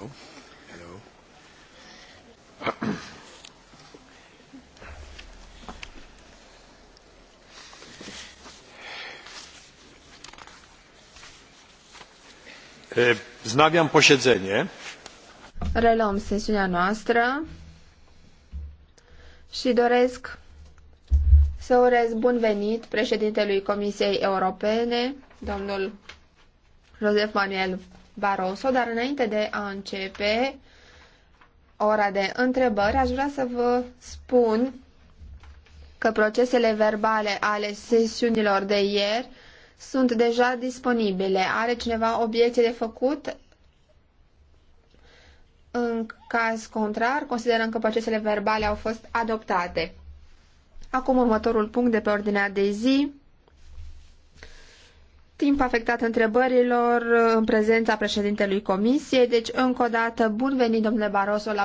Hello. Hello. Wznawiam posiedzenie. Reluăm sesiunea noastră și doresc să urez bun venit președintelui Comisiei Europene, domnul Josef Manuel Barroso, dar înainte de a începe ora de întrebări, aș vrea să vă spun că procesele verbale ale sesiunilor de ieri sunt deja disponibile. Are cineva obiecție de făcut? În caz contrar, considerăm că procesele verbale au fost adoptate. Acum următorul punct de pe ordinea de zi timp afectat întrebărilor în prezența președintelui Comisiei. Deci, încă o dată, bun venit, domnule Barroso, la